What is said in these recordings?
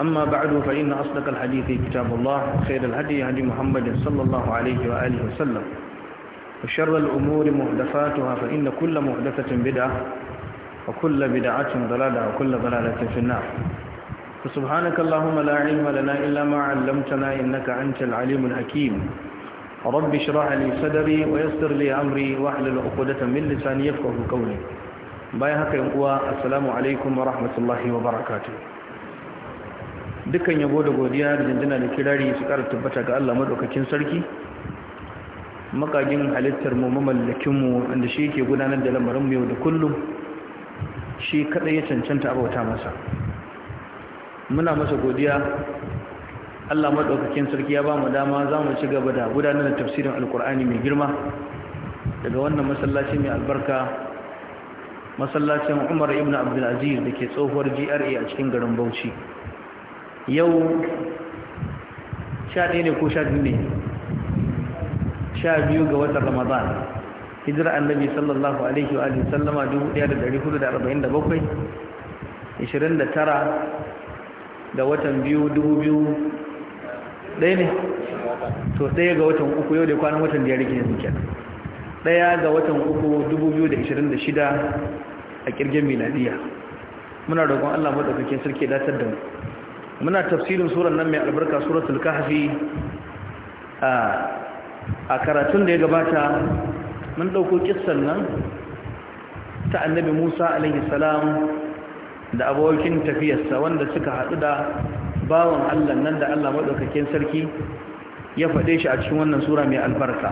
أما بعد فإن أصدق الحديث كتاب الله خير الهدي هدي محمد صلى الله عليه وآله وسلم وشر الأمور محدثاتها فإن كل محدثة بدعة وكل بدعة ضلالة وكل ضلالة في النار فسبحانك اللهم لا علم لنا إلا ما علمتنا إنك أنت العليم الحكيم رب اشرح لي صدري ويسر لي أمري واحلل عقدة من لساني يفقه قولي باي هكا السلام عليكم ورحمة الله وبركاته dukkan yabo da godiya da jinjina da kirari su ƙara tabbata ga Allah madaukakin sarki makagin halittar mu mamallakin mu wanda shi yake gudanar da lamarin mu yau da kullum shi kada ya cancanta abauta masa muna masa godiya Allah madaukakin sarki ya ba mu dama za mu ci gaba da gudanar da tafsirin alkur'ani mai girma daga wannan masallaci mai albarka masallacin umar ibn abdulaziz da ke tsohuwar gra a cikin garin bauchi yau sha ɗaya ne ko sha biyu ne sha biyu ga watan ramadan hijira annabi sallallahu alaihi wa alihi sallama 1447 29 da watan biyu dubu biyu ɗaya ne to ɗaya ga watan uku yau da kwanan watan da ya rike ɗaya ga watan uku dubu biyu da ishirin da shida a ƙirgin miladiya muna roƙon allah maɗaukakin sarki datar da mu muna tafsirin surar nan mai albarka suratul kahfi a karatun da ya gabata mun dauko kissan nan ta annabi Musa alaihi salam da abokin tafiyarsa wanda suka hadu da bawan Allah nan da Allah madaukakin sarki ya fade shi a cikin wannan sura mai albarka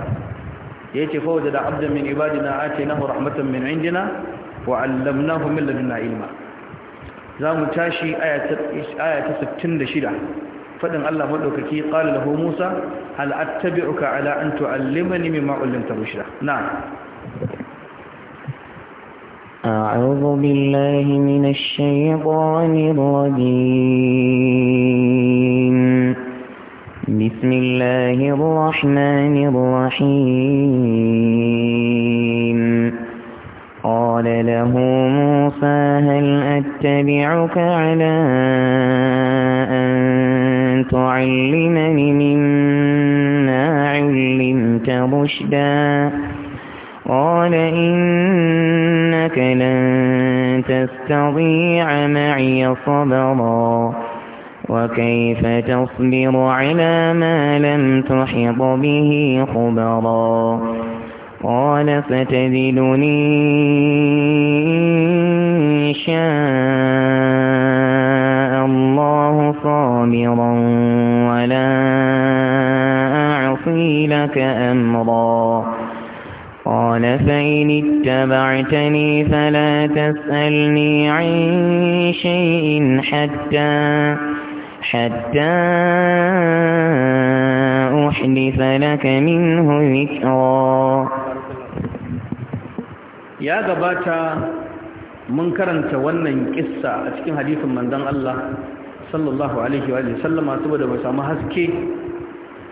yace fa wajada abdan min ibadina atainahu rahmatan min indina wa 'allamnahu min ladunna ilma زامو تاشي آية آية ستين دشيرة فدن الله مدوك كي قال له موسى هل أتبعك على أن تعلمني مما علمت بشرة نعم أعوذ بالله من الشيطان الرجيم بسم الله الرحمن الرحيم قال له موسى هل أتبعك على أن تعلمني مما علمت رشدا قال إنك لن تستطيع معي صبرا وكيف تصبر على ما لم تحط به خبرا قال ستجدني إن شاء الله صابرا ولا أعصي لك أمرا قال فإن اتبعتني فلا تسألني عن شيء حتى حتى أحدث لك منه ذكرا ya gabata mun karanta wannan kissa a cikin hadisin manzon Allah sallallahu alaihi wa sallama saboda mu samu haske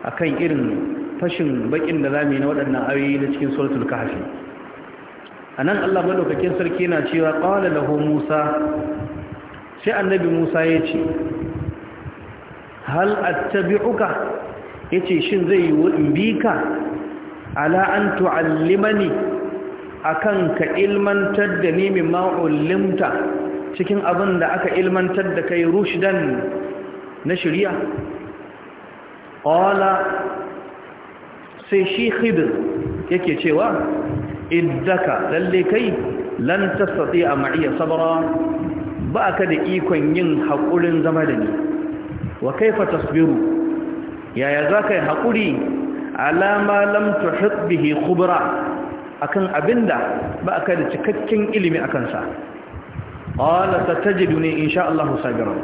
akan irin fashin bakin da zamu yi na waɗannan ayoyi da cikin suratul kahfi anan Allah madaukakin sarki yana cewa qala lahu Musa sai annabi Musa ya ce hal attabi'uka yace shin zai yi in bi ka ala an tu'allimani akan ka ilmantar da ni min ma'ullimta cikin abin da aka ilmantar da kai rushdan na shirya ƙwala sai shi khidir yake cewa iddaka lalle kai lan a ma'iya sabara ba ka da ikon yin haƙurin zama da ni wa kaifa tasbiru yaya za ka yi haƙuri alama lam tuhit bihi khubra akan abinda ba kai da cikakken ilimi akan sa qala satajiduni insha Allah sabira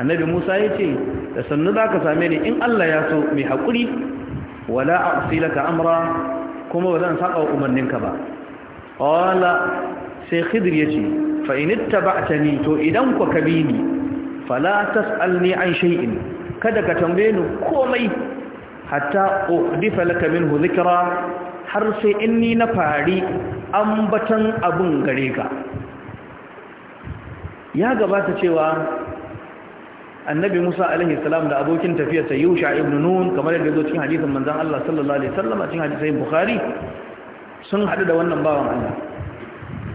annabi Musa ya ce da sannu zaka same ni in Allah ya so mai hakuri wala ka amra kuma ba zan wa umarninka ba qala sai khidir yace fa in ittaba'tani to idan ku ni fala ni an shay'in kada ka tambaye ni komai hatta uhdifa laka hu dhikra har sai in ni na fari ambatan abun gare ka ya gabata cewa annabi Musa alaihi salam da abokin sa Yusha ibn Nun kamar yadda zo cikin hadisin manzon Allah sallallahu alaihi wasallam a cikin hadisin Bukhari sun hadu da wannan bawan Allah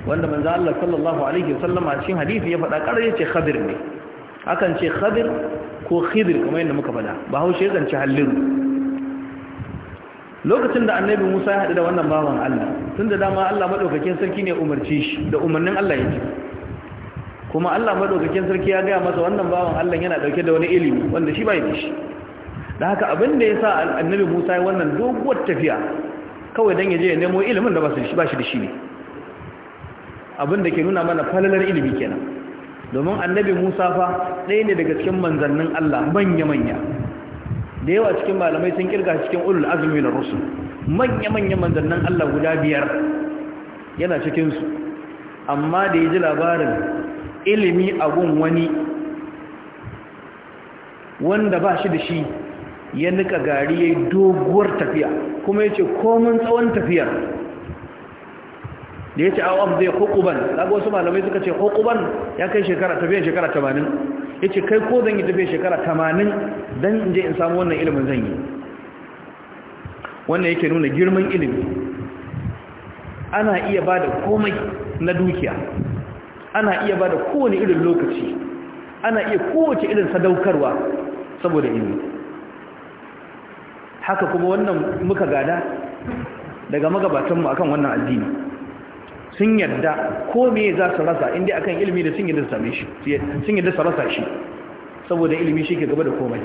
wanda manzon Allah sallallahu alaihi wasallam a cikin hadisi ya faɗa ƙarar yace Khadir ne akan ce Khadir ko Khidir kamar yadda muka faɗa ba haushe yakan ce Halliru lokacin da annabi musa ya haɗu da wannan bawan allah tun da dama allah maɗaukakin sarki ne umarci shi da umarnin allah ya ji. kuma allah maɗaukakin sarki ya gaya masa wannan bawan allah yana ɗauke da wani ilimi wanda shi bai shi da haka abin da ya sa annabi musa ya wannan doguwar tafiya kawai don ya je ya nemo ilimin da ba shi da shi ne abin da ke nuna mana falalar ilimi kenan domin annabi musa fa ɗaya ne daga cikin manzannin allah manya-manya da yawa cikin malamai sun kirga cikin ulul azumi na rusul manya-manyan manzannin Allah guda biyar yana cikinsu amma da ya ji labarin ilimi abun wani wanda ba shi da shi ya nika gari ya yi doguwar tafiya kuma ya ce komin tsawon tafiyar da ya ce a zai hukuban daga wasu malamai suka ce hukuban ya kai shekara tafiya shekara tamanin ya ce kai ko zan yi tafiya shekara tamanin don in je in samu wannan ilimin zan yi wannan yake nuna girman ilimi ana iya ba da komai na dukiya ana iya ba da kowane irin lokaci ana iya kowace irin sadaukarwa saboda ilimi haka kuma wannan muka gada daga magabatanmu akan wannan addini sun yarda ko me za su rasa inda akan ilimi da sun yarda su same shi sun su rasa shi saboda ilimi shi ke gaba da komai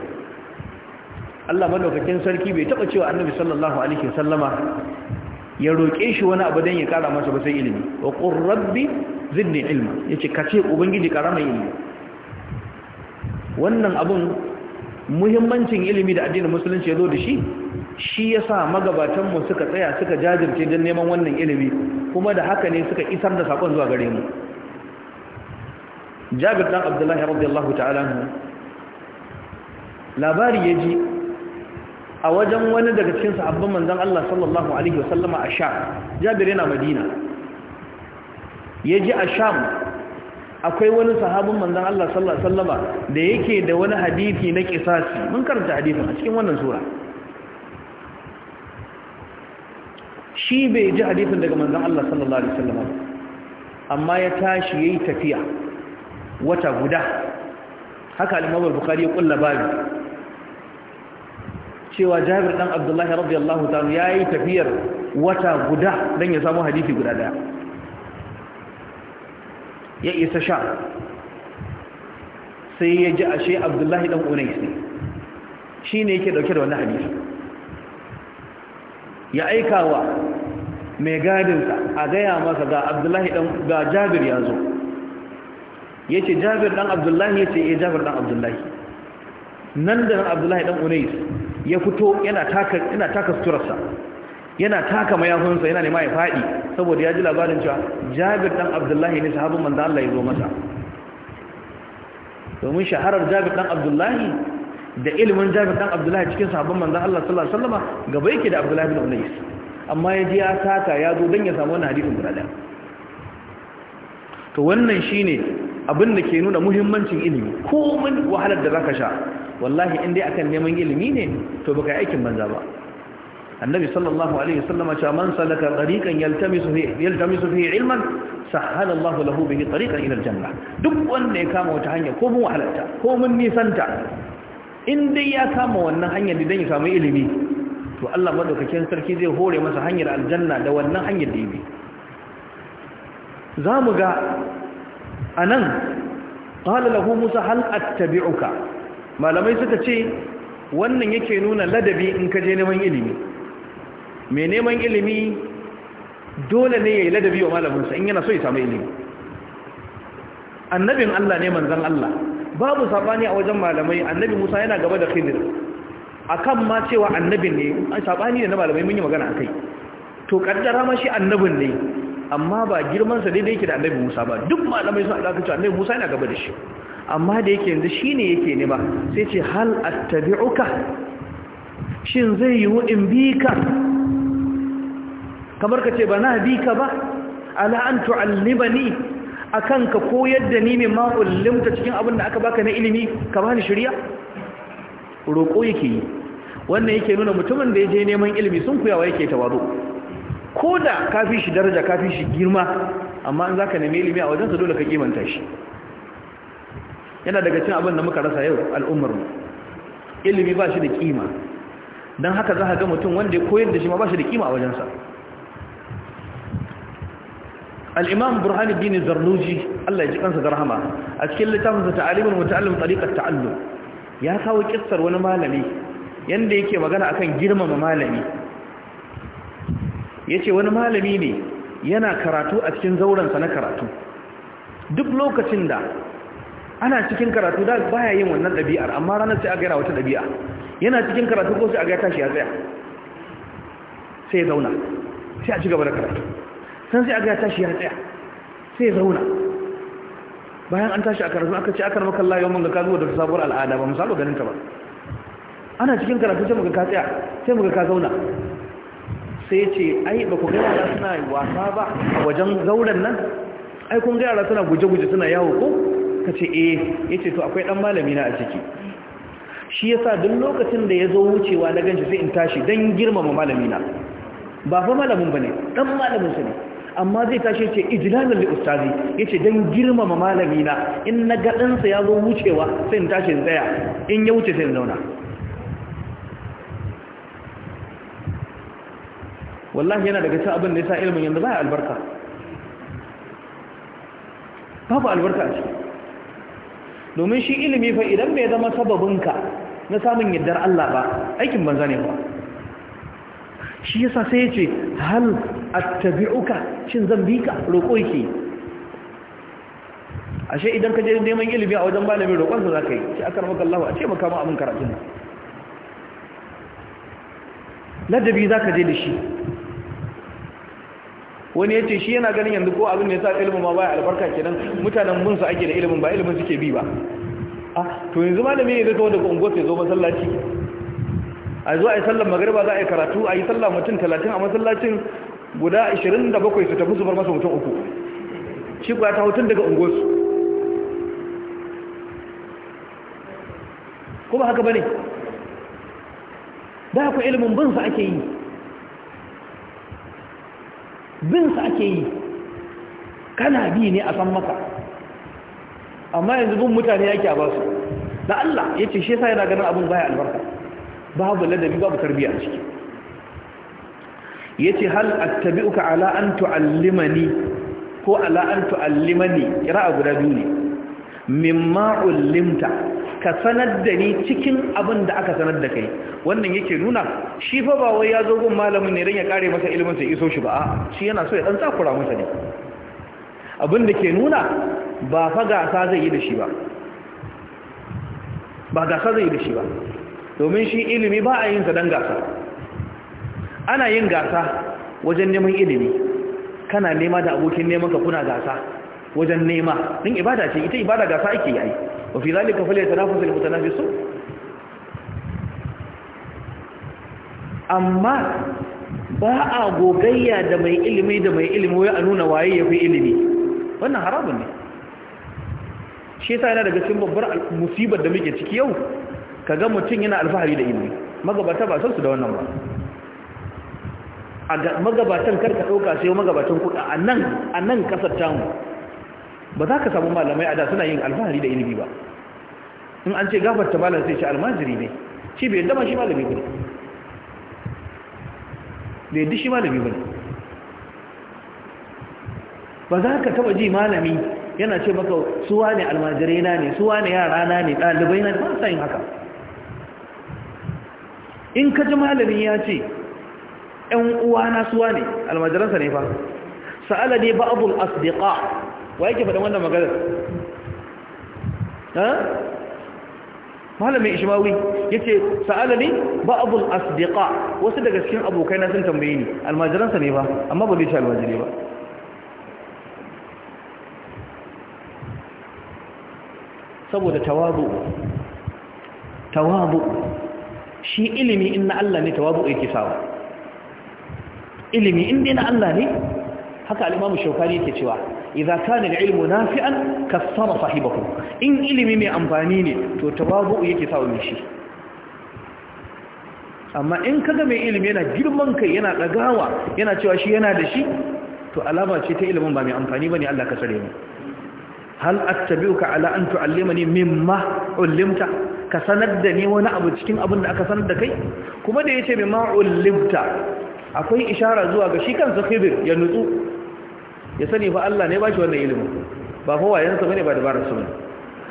Allah madaukakin sarki bai taba cewa Annabi sallallahu alaihi wasallama ya roke shi wani abu dan ya kara masa ba sai ilimi wa rabbi zidni ilma ya kace ubangiji kara mai ilimi wannan abun muhimmancin ilimi da addinin musulunci ya zo da shi shi yasa magabatan mu suka tsaya suka jajirce dan neman wannan ilimi kuma da haka ne suka isar da sakon zuwa gare mu jabir dan abdullahi radiyallahu ta'ala anhu labari yaji a wajen wani daga cikin sahabban manzon Allah sallallahu alaihi wasallama a Sham jabir yana Madina yaji a Sham akwai wani sahabin manzon Allah sallallahu alaihi wasallama da yake da wani hadisi na kisasi mun karanta hadisin a cikin wannan sura shi bai ji hadifin daga manzon Allah sallallahu alaihi amma ya tashi yayi tafiya wata guda haka al-Imam bukhari ya kulla babu cewa Jabir dan Abdullah radiyallahu ya yi tafiyar wata guda don ya samu hadisi guda daya ya isa sha sai ya ji ashe Abdullahi dan Unais ne shine yake dauke da wannan hadisi ya aika wa mai gadinsa a gaya masa ga abdullahi ɗan ga jabir ya zo ya ce jabir ɗan abdullahi ya ce ya eh, jabir ɗan abdullahi nan da nan abdullahi ɗan unais ya fito yana taka suturarsa yana taka mayafinsa yana nema ya faɗi saboda ya ji labarin cewa jabir ɗan abdullahi ne sahabin manzan Allah ya zo masa domin shaharar jabir ɗan abdullahi da ilimin jabir ɗan abdullahi cikin sahabin manzan Allah sallallahu alaihi wasallama gaba yake da abdullahi bin unais amma ya ji ya saka ya zo don ya samu wannan hadisin guda ɗaya to wannan shine abin da ke nuna muhimmancin ilimi komin wahalar da za ka sha wallahi in dai kan neman ilimi ne to baka yi aikin banza ba annabi sallallahu alaihi wasallama cewa man salaka tariqan yaltamisu fihi yaltamisu fihi ilman sahala Allah lahu bihi tariqan ila aljanna duk wanda ya kama wata hanya ko mun wahalarta ko mun nisanta in dai ya kama wannan hanyar da dan ya samu ilimi to Allah madaukakin sarki zai hore masa hanyar aljanna da wannan hanyar da yake zamu ga anan qala lahu musa hal attabi'uka malamai suka ce wannan yake nuna ladabi in ka je neman ilimi me neman ilimi dole ne yayi ladabi wa malaminsa in yana so ya samu ilimi annabin Allah ne manzon Allah babu sabani a wajen malamai annabi Musa yana gaba da khidr akan ma cewa annabin ne an sabani ne na malamai mun yi magana akai to kaddara ma shi annabin ne amma ba girman sa daidai yake da annabi Musa ba duk malamai sun alaka cewa annabi Musa yana gaba da shi amma da yake yanzu shine yake ne ba sai ce hal attabi'uka shin zai yi in bi ka kamar ka ce ba na bi ka ba ala an ni? akan ka koyar da ni ne ma ullimta cikin abin da aka baka na ilimi ka bani shari'a roƙo yake yi wannan yake nuna mutumin da ya je neman ilimi sun kuyawa yake tawazo ko da ka fi shi daraja ka fi shi girma amma in za ka nemi ilimi a wajensa dole ka kimanta shi yana daga cin abin da muka rasa yau al'ummar mu. ilimi ba shi da kima don haka za ka ga mutum wanda ya koyar da shi ma ba shi da kima a wajensa al'imam burhanuddin zarnuji allah ya ji kansa da rahama a cikin littafinsa ta'alimin mutu'allim tariƙar ta'allum ya kawo kissar wani malami yanda yake magana akan girmama malami yace wani malami ne yana karatu a cikin zaurensa na karatu duk lokacin da ana cikin karatu da baya yin wannan ɗabi'ar amma ranar sai a gaira wata ɗabi'a yana cikin karatu ko sai a ga tashi ya tsaya sai ya zauna sai a ci gaba da karatu san sai a ga tashi ya tsaya sai ya zauna bayan an tashi a karatu aka ce aka nama kalla yawon mun ga kazuwa da sabuwar al'ada ba musamman ganin ta ba ana cikin karatu sai muka ka tsaya sai muka ka zauna sai ce ai ba ku gaya da suna wasa ba a wajen zauren nan ai kun gaya da suna guje-guje suna yawo ko ka ce eh ya ce to akwai ɗan malami na a ciki shi yasa duk lokacin da ya zo wucewa na ganci sai in tashi don girmama malami na ba fa malamin ba ne ɗan malamin su ne amma zai tashi ce ijlalan ustazi yace dan girmama malami na in na ga dan sa yazo wucewa sai in tashi in tsaya in ya wuce sai in zauna wallahi yana daga cikin abin da yasa ilimin yanzu ba albarka babu albarka ce. domin shi ilimi fa idan bai zama sababinka na samun yardar Allah ba aikin banza ne ba shi yasa sai ya ce hal attabi'uka shin zan bi ka roƙo yake ashe idan ka je neman ilimi a wajen malamin roƙon za ka yi shi aka ramaka Allah a ce maka ma amin karatun ne ladabi za ka je da shi wani ya ce shi yana ganin yanzu ko abin ne ya sa ilimin ma baya albarka kenan mutanen su ake da ilimin ba ilimin suke bi ba A to yanzu malami ne zai wanda unguwar ya zo masallaci a zo a yi sallar magariba za a yi karatu a yi sallar mutum talatin a masallacin guda 27 su tafi su bar masa mutum uku shi kuwa ta hutun daga unguwarsu kuma haka bane da ku ilimin binsa ake yi binsa ake yi kana bi ne a san maka amma yanzu bin mutane yake a basu da Allah ya ce shi sa yana ganin abin baya albarka babu ladabi babu tarbiyya a ciki Ya ce hal attabi'uka ala an tu'allimani ko ala an tu'allimani a guda biyu ne mimma ullimta ka sanar da ni cikin abin da aka sanar da kai wannan yake nuna shi fa ba wai ya zo gun malamin ne dan ya kare masa ilimin sai iso shi ba shi yana so ya dan tsakura masa ne abin da ke nuna ba fa gasa zai yi da shi ba ba gasa zai yi da shi ba domin shi ilimi ba a yin sa dan gasa ana yin gasa wajen neman ilimi kana nema da abokin neman ka kuna gasa wajen nema din ibada ce ita ibada gasa ake yi wa fi zalika falyatanafasul mutanafisun amma ba a gogayya da mai ilimi da mai ilimi wai a nuna waye ya fi ilimi wannan haramun ne shi yasa yana daga cikin babbar musibar da muke ciki yau kaga mutum yana alfahari da ilimi magabata ba san su da wannan ba a magabatan karka ɗauka sai magabatan kuɗa a nan a nan ƙasar tamu ba za ka samu malamai a da suna yin alfahari da ilimi ba in an ce gafarta malam sai shi almajiri ne shi bai dama shi malami ba ne bai yadda shi malami ba ne ba za ka taɓa ji malami yana ce maka suwa ne almajirai na ne suwa ne yara na ne ɗalibai na ne ba sa yin haka in ka ji malami ya ce Yan uwana suwa ne almajiransa ne fa sa'ala ne ba abul asdiqa wa yake faɗin wannan maganar malamin ishmawi ya ce sa'ala ne ba abul asdiqa wasu daga cikin abokai na sun tambayi ni almajiransa ne ba amma ba zai ci almajire ba saboda tawabu tawabu shi ilimi in na Allah ne tawabu yake sawa ilimi in dai na Allah ne haka al-Imam Shawkani yake cewa idza kana al-ilmu nafi'an kassara sahibahu in ilimi mai amfani ne to tawazu yake sa mai shi amma in kaga mai ilimi yana girman kai yana dagawa yana cewa shi yana da shi to alama ce ta ilimin ba mai amfani bane Allah ka sare mu hal attabi'uka ala an tu'allimani mimma ullimta ka sanar da ni wani abu cikin abin da aka sanar da kai kuma da yace mimma ullimta akwai ishara zuwa ga shi kansa khidir ya nutsu ya sani fa Allah ne ba shi wannan ilimin ba fa sa bane ba dabara su ne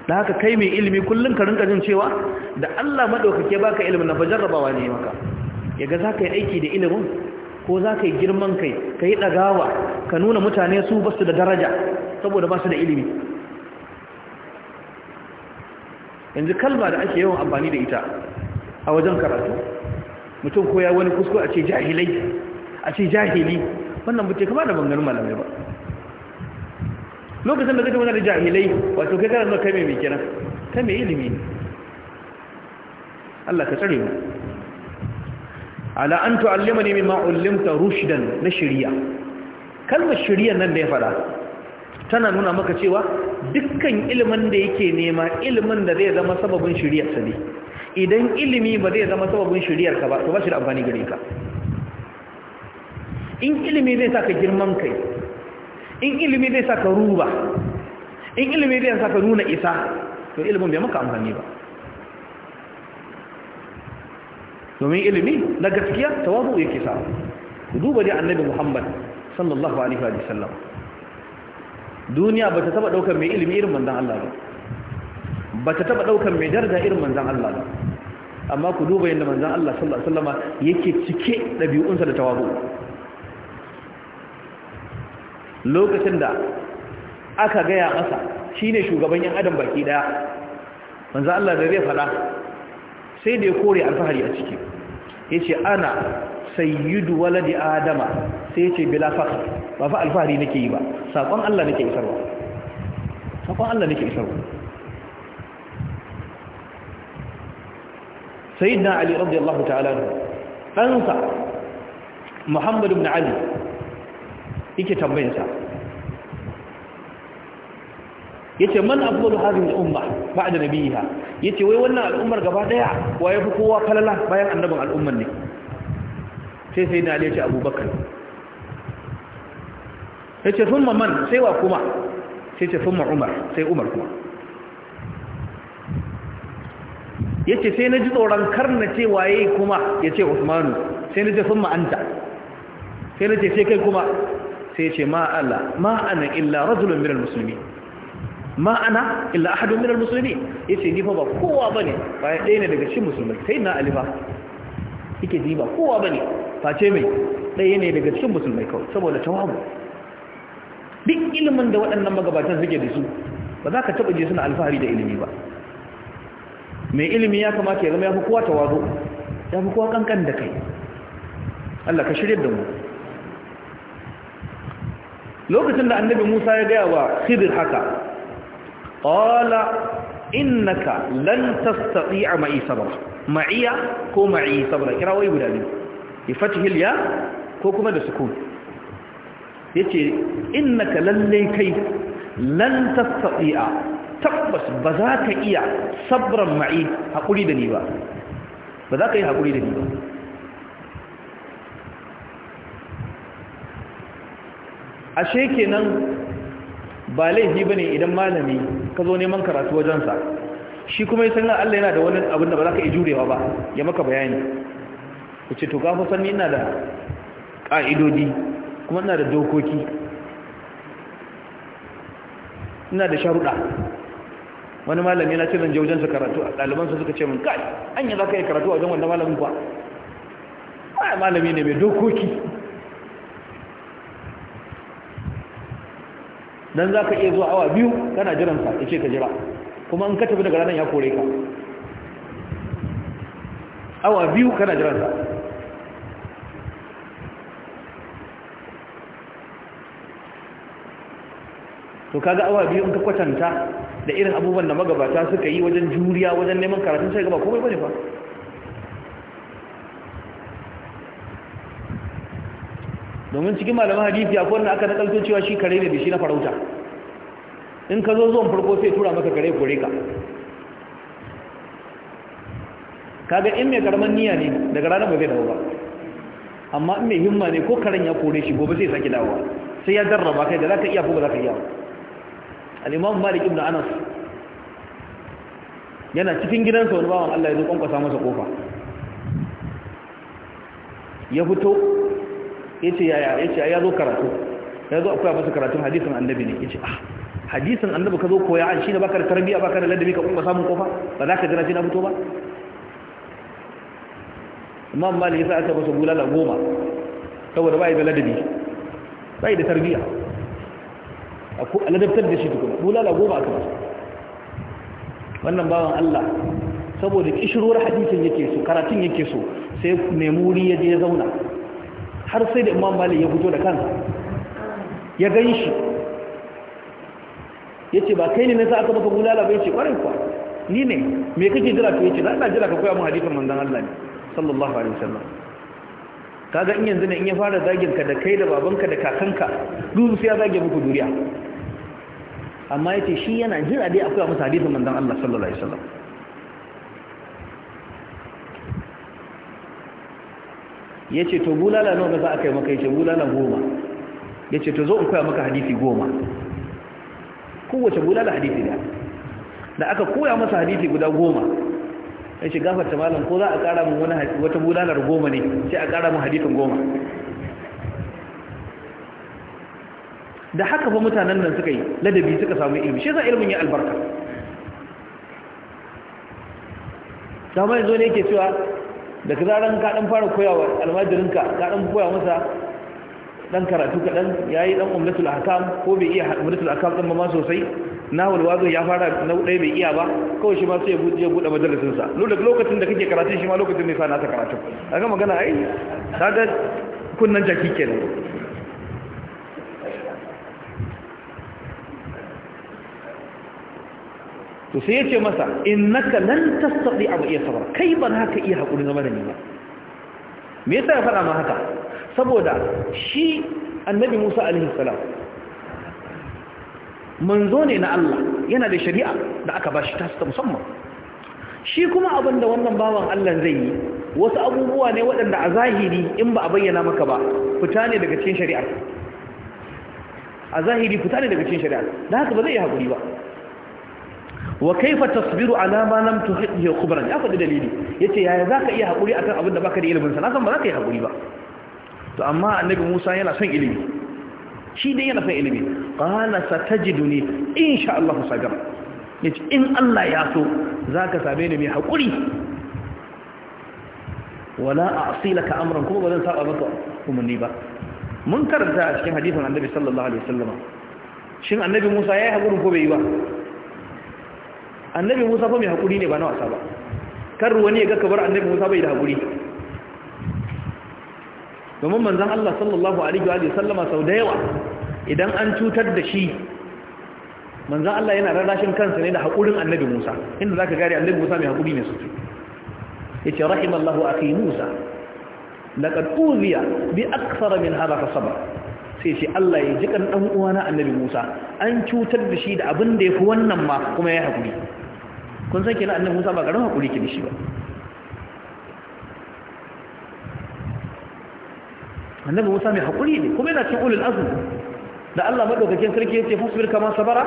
da haka kai mai ilimi kullun ka rinka jin cewa da Allah madaukake baka ilimin na fajarrabawa ne maka yaga zaka yi aiki da ilimin ko zaka yi girman kai kai dagawa ka nuna mutane su basu da daraja saboda ba su da ilimi yanzu kalma da ake yawan amfani da ita a wajen karatu mutum ko ya wani kusko a ce jahilai a ce jahili wannan mutum kama da bangar malamai ba lokacin da zai wani da jahilai wato kai kana zuwa kai mai kira kai mai ilimi Allah ka tsare mu ala an tu'allimani mimma ullimta rushdan na shari'a kalmar shari'a nan da ya fara tana nuna maka cewa dukkan ilimin da yake nema ilimin da zai zama sababin shari'a sa ne idan ilimi ba zai zama sababin shiriyar ka ba to ba shi da amfani gare ka in ilimi zai sa ka girman kai in ilimi zai sa ka ruba in ilimi zai sa ka nuna isa to ilimin bai maka amfani ba domin ilimi na gaskiya tawazu yake sa ku duba dai annabi Muhammad sallallahu alaihi wa sallam duniya ba ta taba daukar mai ilimi irin manzon Allah ba ba ta taba daukan mai daraja irin manzan Allah ba amma ku duba yadda manzan Allah sallallahu alaihi wasallama yake cike dabi'unsa da tawazu lokacin da aka gaya masa shine shugaban yan adam baki daya manzan Allah da zai fara sai da ya kore alfahari a ciki yace ana sayyidu waladi adama sai yace bila fakhr ba fa alfahari nake yi ba sakon Allah nake isarwa sakon Allah nake isarwa sayyidina ali radiyallahu ta'ala ɗansa muhammad ibn ali yake tambayinsa yace man afdalu hadhihi al-umma ba'da nabiyha yace wai wannan al'ummar gaba daya waye fi kowa falala bayan annabin al'ummar ne sai sai da yace abubakar yace thumma man sai wa kuma ya ce sai na ji tsoron karna ce waye kuma ya ce usmanu sai na ce sun ma'anta sai na ce sai kai kuma sai ce ma'ala ma'ana illa rajulun minar musulmi ma'ana illa ahadun minal musulmi ya ce nifa ba kowa ba ne baya ɗaya ne daga cikin musulmi sai na alifa yake ji ba kowa ba ne face mai ɗaya ne daga cikin musulmai kawai saboda tawabu duk ilimin da waɗannan magabatan suke da su ba za ka taɓa je suna alfahari da ilimi ba mai ilimi ya kamata ya zama ya fi ta wazo. ya fi kowa kankan da kai Allah ka shirya da mu lokacin da annabi Musa ya gaya wa Khidir haka qala innaka lan tastati'a ma'i sabra ma'iya ko ma'i sabra kira wai guda biyu bi fathil ya ko kuma da sukun yace innaka lallai kai lan tastati'a tabbas ba za ka iya sabran ma'i haƙuri da ni ba ba za ka yi haƙuri da ni ba ashe nan ba laifi ba ne idan malami ka zo neman karatu wajensa shi kuma ya sanar Allah yana da wani abin da ba za ka iya jurewa ba ya maka bayani ku ce to gafa ina da ƙa'idodi kuma ina da dokoki ina da sharuɗa wani malami na ce zan je wajen karatu ɗaliban su suka ce min kai an yi za ka yi karatu a wajen wanda malamin ba ai malami ne mai dokoki don za ka iya zuwa awa biyu kana jiransa ya ce ka jira kuma in ka tafi daga ranar ya kore ka awa biyu kana jiransa to kaga awa biyu in ka kwatanta da irin abubuwan da magabata suka yi wajen juriya wajen neman karatun sai gaba komai bane fa domin cikin malaman hadisi akwai wanda aka nakalto cewa shi kare ne da shi na farauta in ka zo zuwan farko sai tura maka kare kore ka kaga in mai karaman niyya ne daga ranar ba zai dawo ba amma in mai himma ne ko karen ya kore shi gobe sai sake dawowa sai ya jarraba kai da za ka iya ko ba za ka iya ba al'imam malik ibn anas yana cikin gidansa wani bawan Allah ya zo kwankwasa masa kofa ya fito ya ce yaya ya zo karatu ya zo akwai masa karatun hadisin annabi ne ya ce ah hadisin annabi ka zo koya an shi ne baka da tarbiyya baka da ladabi ka kwankwasa mun kofa ba za ka gina shi na fito ba imam malik ya sa aka masa bulala goma saboda ba yi da ladabi ba yi da tarbiya. a ladabtar da shi tukuna bulala goma aka masa wannan bawan Allah saboda kishirwar hadisin yake so karatun yake so sai memori ya je ya zauna har sai da imam malik ya fito da kansa ya gan shi ya ce ba kai ne na za aka baka bulala ba ya ce kwarai kuwa ni ne me kake jira ka ya ce za jira ka koya mun hadisin manzan Allah ne sallallahu alaihi wasallam kaga in yanzu ne in ya fara zagin ka da kai da babanka da kakanka duk sai ya zage muku duniya amma yace shi yana jira dai akwai masa hadisin manzon Allah sallallahu alaihi wasallam yace to bulala nawa za a kai maka yace bulala goma yace to zo in koya maka hadisi goma kowace bulala hadisi da da aka koya masa hadisi guda goma shi ce gafarta malam ko za a kara mu wata bulalar goma ne sai a kara mu hadifin goma da haka fa mutanen nan suka yi ladabi suka samu ilimi shi za ilimin ya albarka dama yanzu ne yake cewa daga ka zaran ka dan fara koyawa almajirinka ka dan koya masa dan karatu kaɗan ya yi dan umlatul akam ko bai iya umlatul akam ɗin ma sosai na walwazo ya fara na ɗaya bai iya ba kawai shi ma sai ya buɗe buɗe majalisinsa lokacin da kake karatun shi ma lokacin ne sana ta karatu a ga magana ai ga kunnan jaki kenan to sai yace masa innaka lan tastati abu iya sabar kai ban haka iya hakuri zama da ni ba me yasa ya faɗa ma haka saboda shi annabi Musa alaihi salam manzo ne na Allah yana da shari'a da aka bashi ta musamman shi kuma abin da wannan bawan Allah zai yi wasu abubuwa ne waɗanda a zahiri in ba a bayyana maka ba fita ne daga cikin shari'ar a zahiri fita ne daga cikin shari'ar da haka ba zai yi haƙuri ba wa kaifa tasbiru ala ma lam tuhit khubran ya faɗi dalili yace yaya zaka iya haƙuri akan abin da baka da ilimin sa na san ba zaka yi haƙuri ba to amma annabi Musa yana son ilimi shi dai yana son ilimi qala satajiduni insha Allah sagara yace in Allah ya so zaka same ni mai hakuri wala a'si laka amran kuma bazan saba maka umarni ba mun karanta a cikin hadisin annabi sallallahu alaihi wasallam shin annabi Musa yayi hakuri ko bai yi ba annabi Musa fa mai hakuri ne ba na wasa ba kar wani ya ga kabar annabi Musa bai da hakuri domin manzan Allah sallallahu alaihi wa sallama sau da yawa idan an cutar da shi manzan Allah yana rarrashin kansa ne da haƙurin annabi Musa inda za ka gari annabi Musa mai haƙuri ne sosai yace rahimallahu akhi Musa laqad uziya bi akthara min hadha fasaba sai ce Allah ya ji kan dan uwana annabi Musa an cutar da shi da abin da ya fi wannan ma kuma ya haƙuri kun san kenan annabi Musa ba garin haƙuri ke da shi ba annabi Musa mai haƙuri ne kuma yana cin ulul azmi da Allah madaukakin sarki yace fasbir kama sabara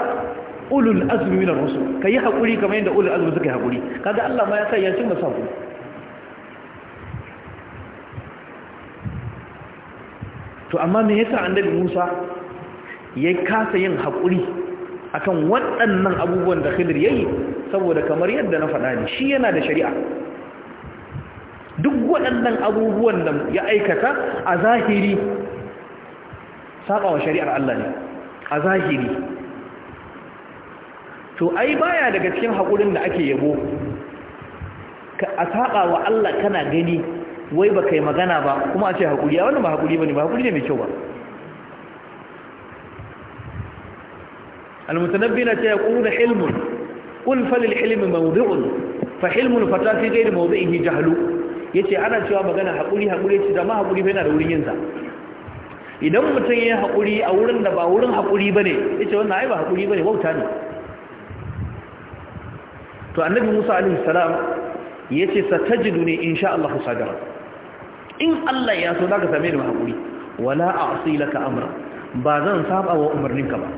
ulul azmi na rusu ka yi haƙuri kamar yadda ulul azmi suka yi haƙuri kaga Allah ma ya sa yancin masa haƙuri. to amma me yasa annabi Musa ya kasa yin hakuri akan waɗannan abubuwan da Khidir yayi saboda kamar yadda na faɗa ne shi yana da shari'a duk waɗannan abubuwan da ya aikata a zahiri saƙawa shari'ar Allah ne a zahiri to ai baya daga cikin haƙurin da ake yabo a saƙawa Allah kana gani wai ba kai magana ba kuma a ce haƙuri a wannan ba haƙuri ba ne ba haƙuri ne mai kyau ba Al-Mutanabbi ya المتنبين يقولون حلم قل فللحلم موضع فحلم الفتاة في غير موضعه جهل Ya ce ana cewa magana hakuri hakuri ce zama hakuri bai na da wurin yinsa idan mutum ya hakuri a wurin da ba wurin hakuri bane ce wannan ai ba hakuri bane wauta ne to annabi Musa alaihi salam ne in sha Allah gara in Allah ya so ka same ni hakuri wala a'si laka amra ba zan saba wa umarninka ba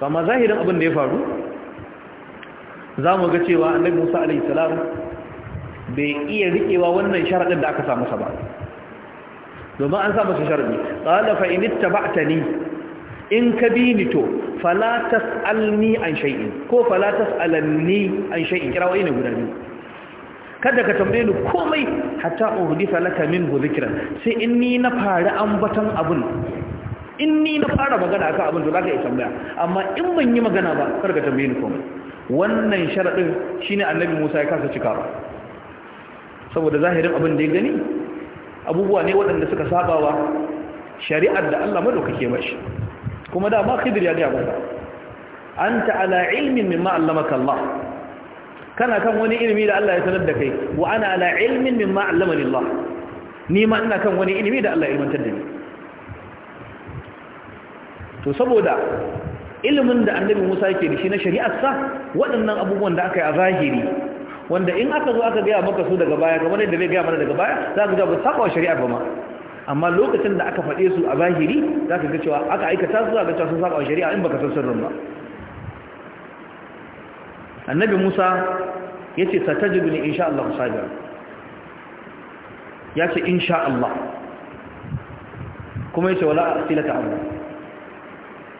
kama zahirin abin da ya faru za mu ga cewa annabi Musa alaihi salam bai iya riƙewa wannan sharaɗin da aka sa masa ba domin an samu masa sharaɗi qala fa in ni. in ka bi ni to fala tas'alni an ko fala tas'alanni an shay'in kirawo ina guda biyu kada ka tambaye ni komai hatta uhdifa laka minhu dhikran sai in ni na fara ambaton abun in ni na fara magana akan abin to zaka yi tambaya amma in ban yi magana ba karka ka tambaye ni komai wannan sharadin shine annabi Musa ya kasa cika ba saboda zahirin abin da ya gani abubuwa ne waɗanda suka sabawa shari'ar da Allah madaukake mashi kuma da ma khidir ya ga masa anta ala ilmin mimma allamaka Allah kana kan wani ilimi da Allah ya sanar da kai wa ana ala ilmin mimma allamani Allah ni ma ina kan wani ilimi da Allah ya ilmantar da ni to saboda ilimin da annabi Musa yake da shi na shari'ar sa waɗannan abubuwan da aka yi a zahiri wanda in aka zo aka gaya maka su daga baya kamar yadda zai gaya mana daga baya za ka ga ba saba shari'a ba ma amma lokacin da aka faɗe su a zahiri za ka ga cewa aka aikata su za ka cewa sun saba shari'a in baka san sirrin ba annabi musa ya ce satajidu ne insha Allah sabir ya ce insha Allah kuma ya ce wala asilata abu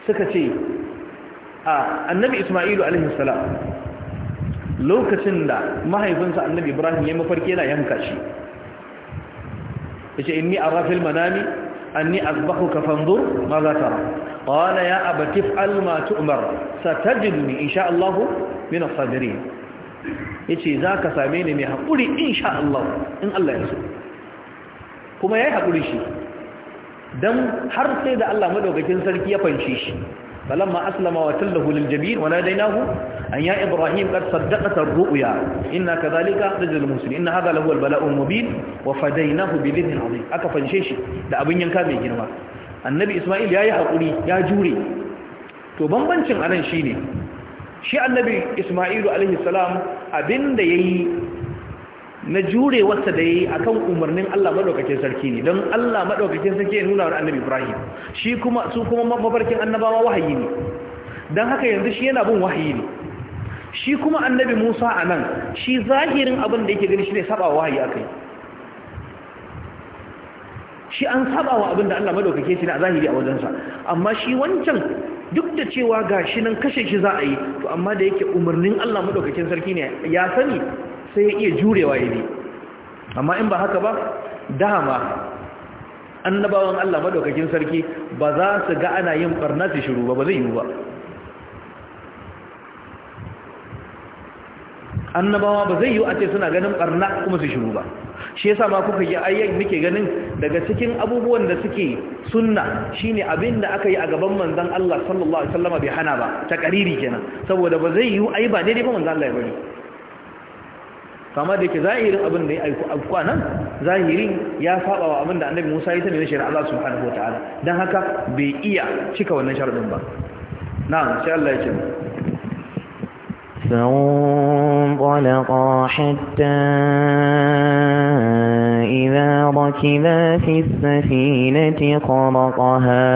suka ce a annabi isma'ilu alaihi salam lokacin da mahaifinsa annabi ibrahim ya mafarki yana yanka shi Ya yace inni ara fil manami anni azbahuka fanzur ma za tara qala ya abati fa'al ma tu'mar satajidni insha Allah min Ya ce za ka same ni mai haƙuri, insha Allah in Allah ya so kuma yi haƙuri shi dan har sai da Allah madaukakin sarki ya fanci shi فلما أسلم وتله للجبين وناديناه أن يا إبراهيم قد صدقت الرؤيا إنا كذلك نجد المسلمين إن هذا لهو البلاء المبين وفديناه بذبح عظيم أكفا شيشي da abin yanka mai girma annabi isma'il ya yi haƙuri ya jure to bambancin anan shi ne shi annabi isma'ilu alaihissalam abinda ya yi na jure wasa da ya yayi akan umarnin Allah maɗaukacin sarki ne don Allah maɗaukacin sarki ya nuna wa annabi Ibrahim shi kuma su kuma mafarkin annabawa wahayi ne don haka yanzu shi yana bin wahayi ne shi kuma annabi Musa a nan shi zahirin abin da yake gani shi ne saba wahayi a kai. shi an saba wa abin da Allah maɗaukacin shi a zahiri a wajensa amma shi wancan duk da cewa ga shi nan kashe shi za a yi to amma da yake umarnin Allah maɗaukacin sarki ne ya sani sai ya iya jurewa ya bi amma in ba haka ba dama annabawan Allah madaukakin sarki ba za su ga ana yin barna su shiru ba ba zai yi ba annabawa ba zai yi a ce suna ganin barna kuma su shiru ba shi yasa ma kuka yi ayyan muke ganin daga cikin abubuwan da suke sunna shine abin da aka yi a gaban manzon Allah sallallahu alaihi wasallam bai hana ba ta kariri kenan saboda ba zai yi ai ba daidai ba manzon Allah ya bari kama da yake zahirin abin da ya aiku afkuwa nan zahirin ya saba wa abin da annabi Musa ya sani na shari'a Allah subhanahu wataala dan haka bai iya cika wannan sharadin ba na'am sai Allah ya ce فانطلقا حتى إذا ركبا في السفينة خرقها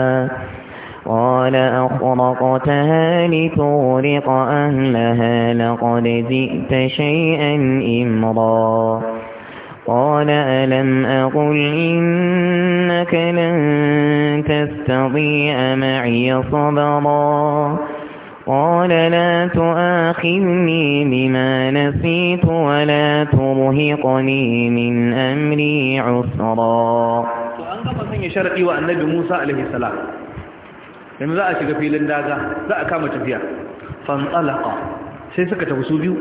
قال أخرقتها لتغرق أهلها لقد جئت شيئا إمرا قال ألم أقل إنك لن تستطيع معي صبرا قال لا تؤاخذني بما نسيت ولا ترهقني من أمري عسرا وأنقض شرقي وأن نبي موسى عليه السلام yanzu za a shiga filin daga za a kama tafiya fantsalaka sai suka tafi su biyu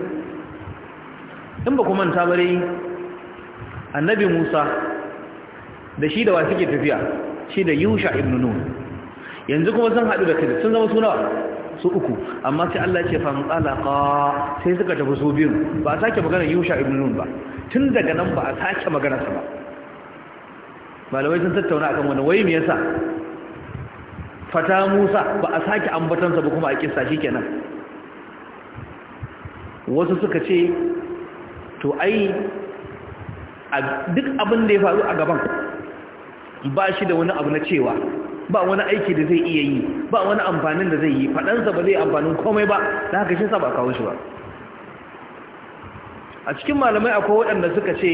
in ba kuma ta bare annabi musa da shi da wa suke tafiya shi da yusha ibn nun yanzu kuma sun haɗu da kai sun zama sunawa su uku amma sai Allah ce fantsalaka sai suka tafi su biyu ba a sake magana yusha ibn nun ba tun daga nan ba a sake maganarsa ba malamai sun tattauna akan wani wai me yasa fata musa ba a sake ambatansa ba kuma a kissa shi kenan wasu suka ce to ai duk abin da ya faru a gaban ba shi da wani abu na cewa ba wani aiki da zai iya yi ba wani amfanin da zai yi faɗansa ba zai amfanin komai ba da haka shi sa ba kawo shi ba a cikin malamai akwai waɗanda suka ce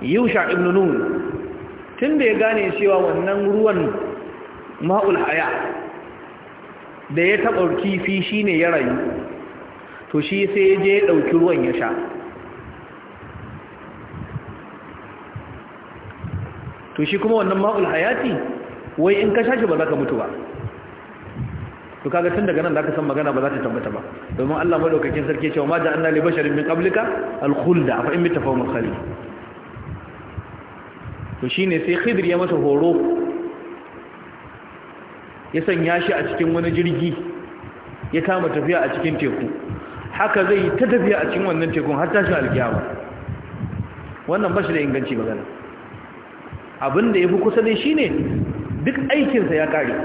yusha ibn nun tun da ya gane cewa wannan ruwan ma'ul haya da ya taɓa kifi shi ne ya rayu to shi sai ya je ya ɗauki ruwan ya sha to shi kuma wannan ma'ul hayati wai in ka shashi ba za ka mutu ba to kaga tun daga nan da ka san magana ba za ta tabbata ba domin Allah madaukakin sarki cewa ma da annali basharin min qablika al-khulda fa in mitafa mun khali to shi ne sai khidir ya masa horo ya sanya shi a cikin wani jirgi ya kama tafiya a cikin teku haka zai ta tafiya a cikin wannan tekun har tashi alkiyama wannan ba shi da inganci magana abin da ya fi kusa dai shi ne duk aikinsa ya kare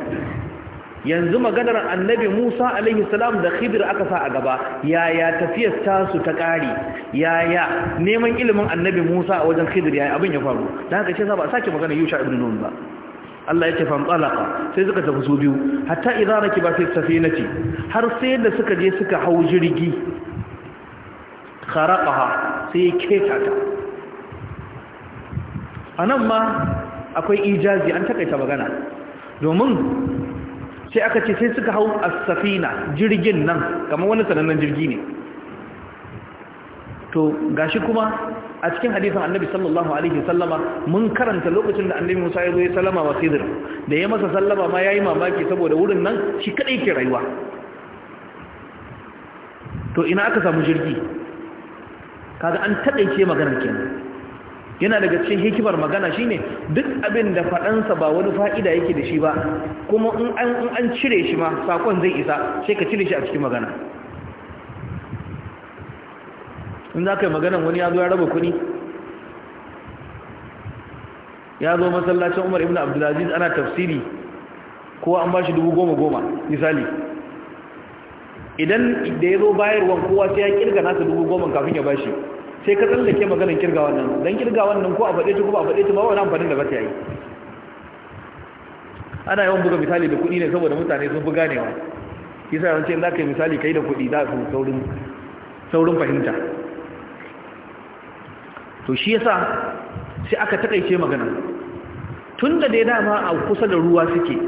yanzu maganar annabi Musa alaihi salam da Khidir aka sa a gaba yaya tafiyar tasu ta kare yaya neman ilimin annabi Musa a wajen Khidir yaya abin ya faru Da haka ce sa ba sake magana Yusha ibn Nun ba Allah yake fantsalaqa sai suka tafi su biyu hatta sai rakiba na safinati har sai da suka je suka hau jirgi kharaqaha sai keta ta anan ma akwai ijazi an takaita magana domin sai aka ce sai suka hau a safina jirgin nan kamar wani sanannen jirgi ne to gashi kuma a cikin hadisin annabi sallallahu alaihi sallama mun karanta lokacin da annabi Musa ya zo ya sallama wa Khidir da ya masa sallama ma ya yi mamaki saboda wurin nan shi kadai ke rayuwa to ina aka samu jirgi kaga an taɗaice maganar kenan yana daga cikin hikimar magana shine duk abin da faɗansa ba wani fa'ida yake da shi ba kuma in an cire shi ma sakon zai isa sai ka cire shi a cikin magana in za ka yi maganan wani ya zo ya raba kuni? ya zo masallacin umar ibn abdulaziz ana tafsiri kowa an ba shi dubu goma goma misali idan da ya zo bayarwan kowa sai ya kirga nasa dubu goma kafin ya ba shi sai ka tsallake maganin kirga wannan don kirga wannan ko a faɗe ta kuma a faɗe ta ba wani amfanin da ba ta yi ana yawan buga misali da kuɗi ne saboda mutane sun fi ganewa shi sa yawanci za ka yi misali ka yi da kuɗi za su saurin fahimta to shi sa, sai aka taƙaice magana tun da dai dama a kusa da ruwa suke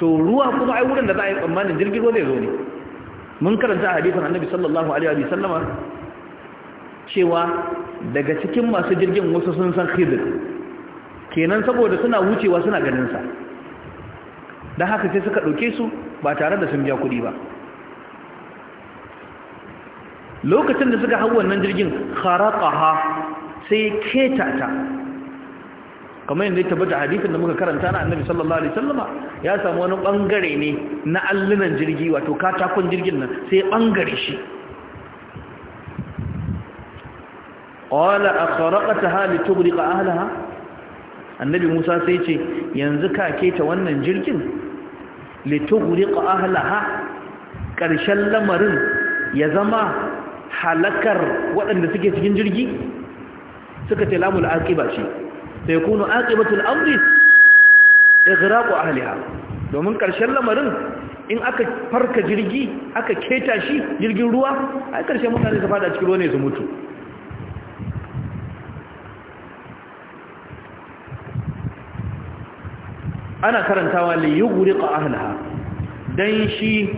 to ruwa kuma ai wurin da za a yi tsammanin jirgin ruwa zai zo ne mun karanta a hadisin annabi sallallahu alaihi wa sallama cewa daga cikin masu jirgin wasu sun san khidir kenan saboda suna wucewa suna ganinsa don haka sai suka ɗauke su ba tare da sun biya kuɗi ba lokacin da suka hau wannan jirgin kharaqaha sai keta ta kamar yadda ya tabbata hadisin da muka karanta na annabi sallallahu alaihi wasallama ya samu wani bangare ne na allunan jirgi wato katakon jirgin nan sai bangare shi qala akhraqataha litughriqa ahlaha annabi Musa sai ce yanzu ka keta wannan jirgin litughriqa ahlaha ƙarshen lamarin ya zama halakar waɗanda suke cikin jirgi suka ce lamul aqiba ce sai kunu aqibatul amri ighraqu ahliha domin ƙarshen lamarin in aka farka jirgi aka keta shi jirgin ruwa ai karshen mutane su fada cikin ruwa ne su mutu ana karantawa li yughriqa ahlaha dan shi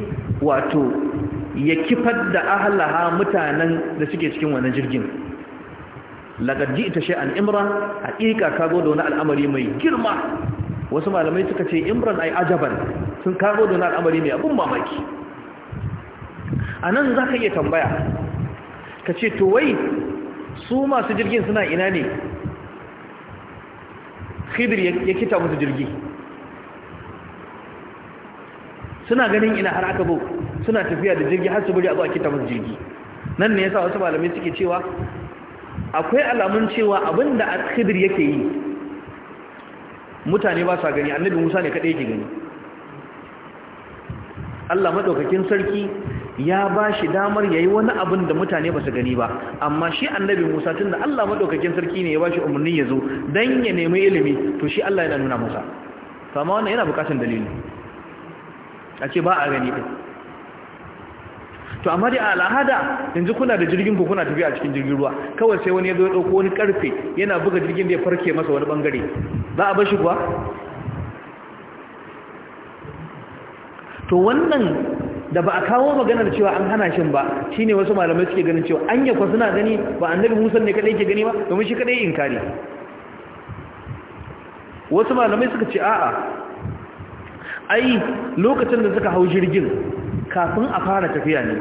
wato ya kifar da ahlaha mutanen da suke cikin wannan jirgin laqad ji'ta shay'an imra haqiqa kago da wani al'amari mai girma wasu malamai suka ce imran ay ajaban sun kago da wani al'amari mai abun mamaki anan zaka iya tambaya ka ce to wai su masu jirgin suna ina ne khidir ya kita musu jirgi suna ganin ina har aka bo suna tafiya da jirgi har su bari a a kita masu jirgi nan ne yasa wasu malamai suke cewa akwai alamun cewa abinda al-khidir yake yi mutane ba sa gani annabi Musa ne kadai yake gani Allah madaukakin sarki ya ba shi damar yayi wani abin da mutane ba su gani ba amma shi annabi Musa tun da Allah madaukakin sarki ne ya ba shi umarni ya zo dan ya nemi ilimi to shi Allah yana nuna masa to amma wannan yana bukatun dalili a ce ba a gani ɗin to amma dai a al'ada yanzu kuna da jirgin ku kuna tafiya a cikin jirgin ruwa kawai sai wani ya zo ya ɗauko wani ƙarfe yana buga jirgin da ya farke masa wani ɓangare za a shi kuwa to wannan da ba a kawo maganar cewa an hana shin ba shine wasu malamai suke ganin cewa an yakwa suna gani ba annabi Musa ne kadai ke gani ba domin shi kadai inkari wasu malamai suka ce a'a ai lokacin da suka hau jirgin kafin a fara tafiya ne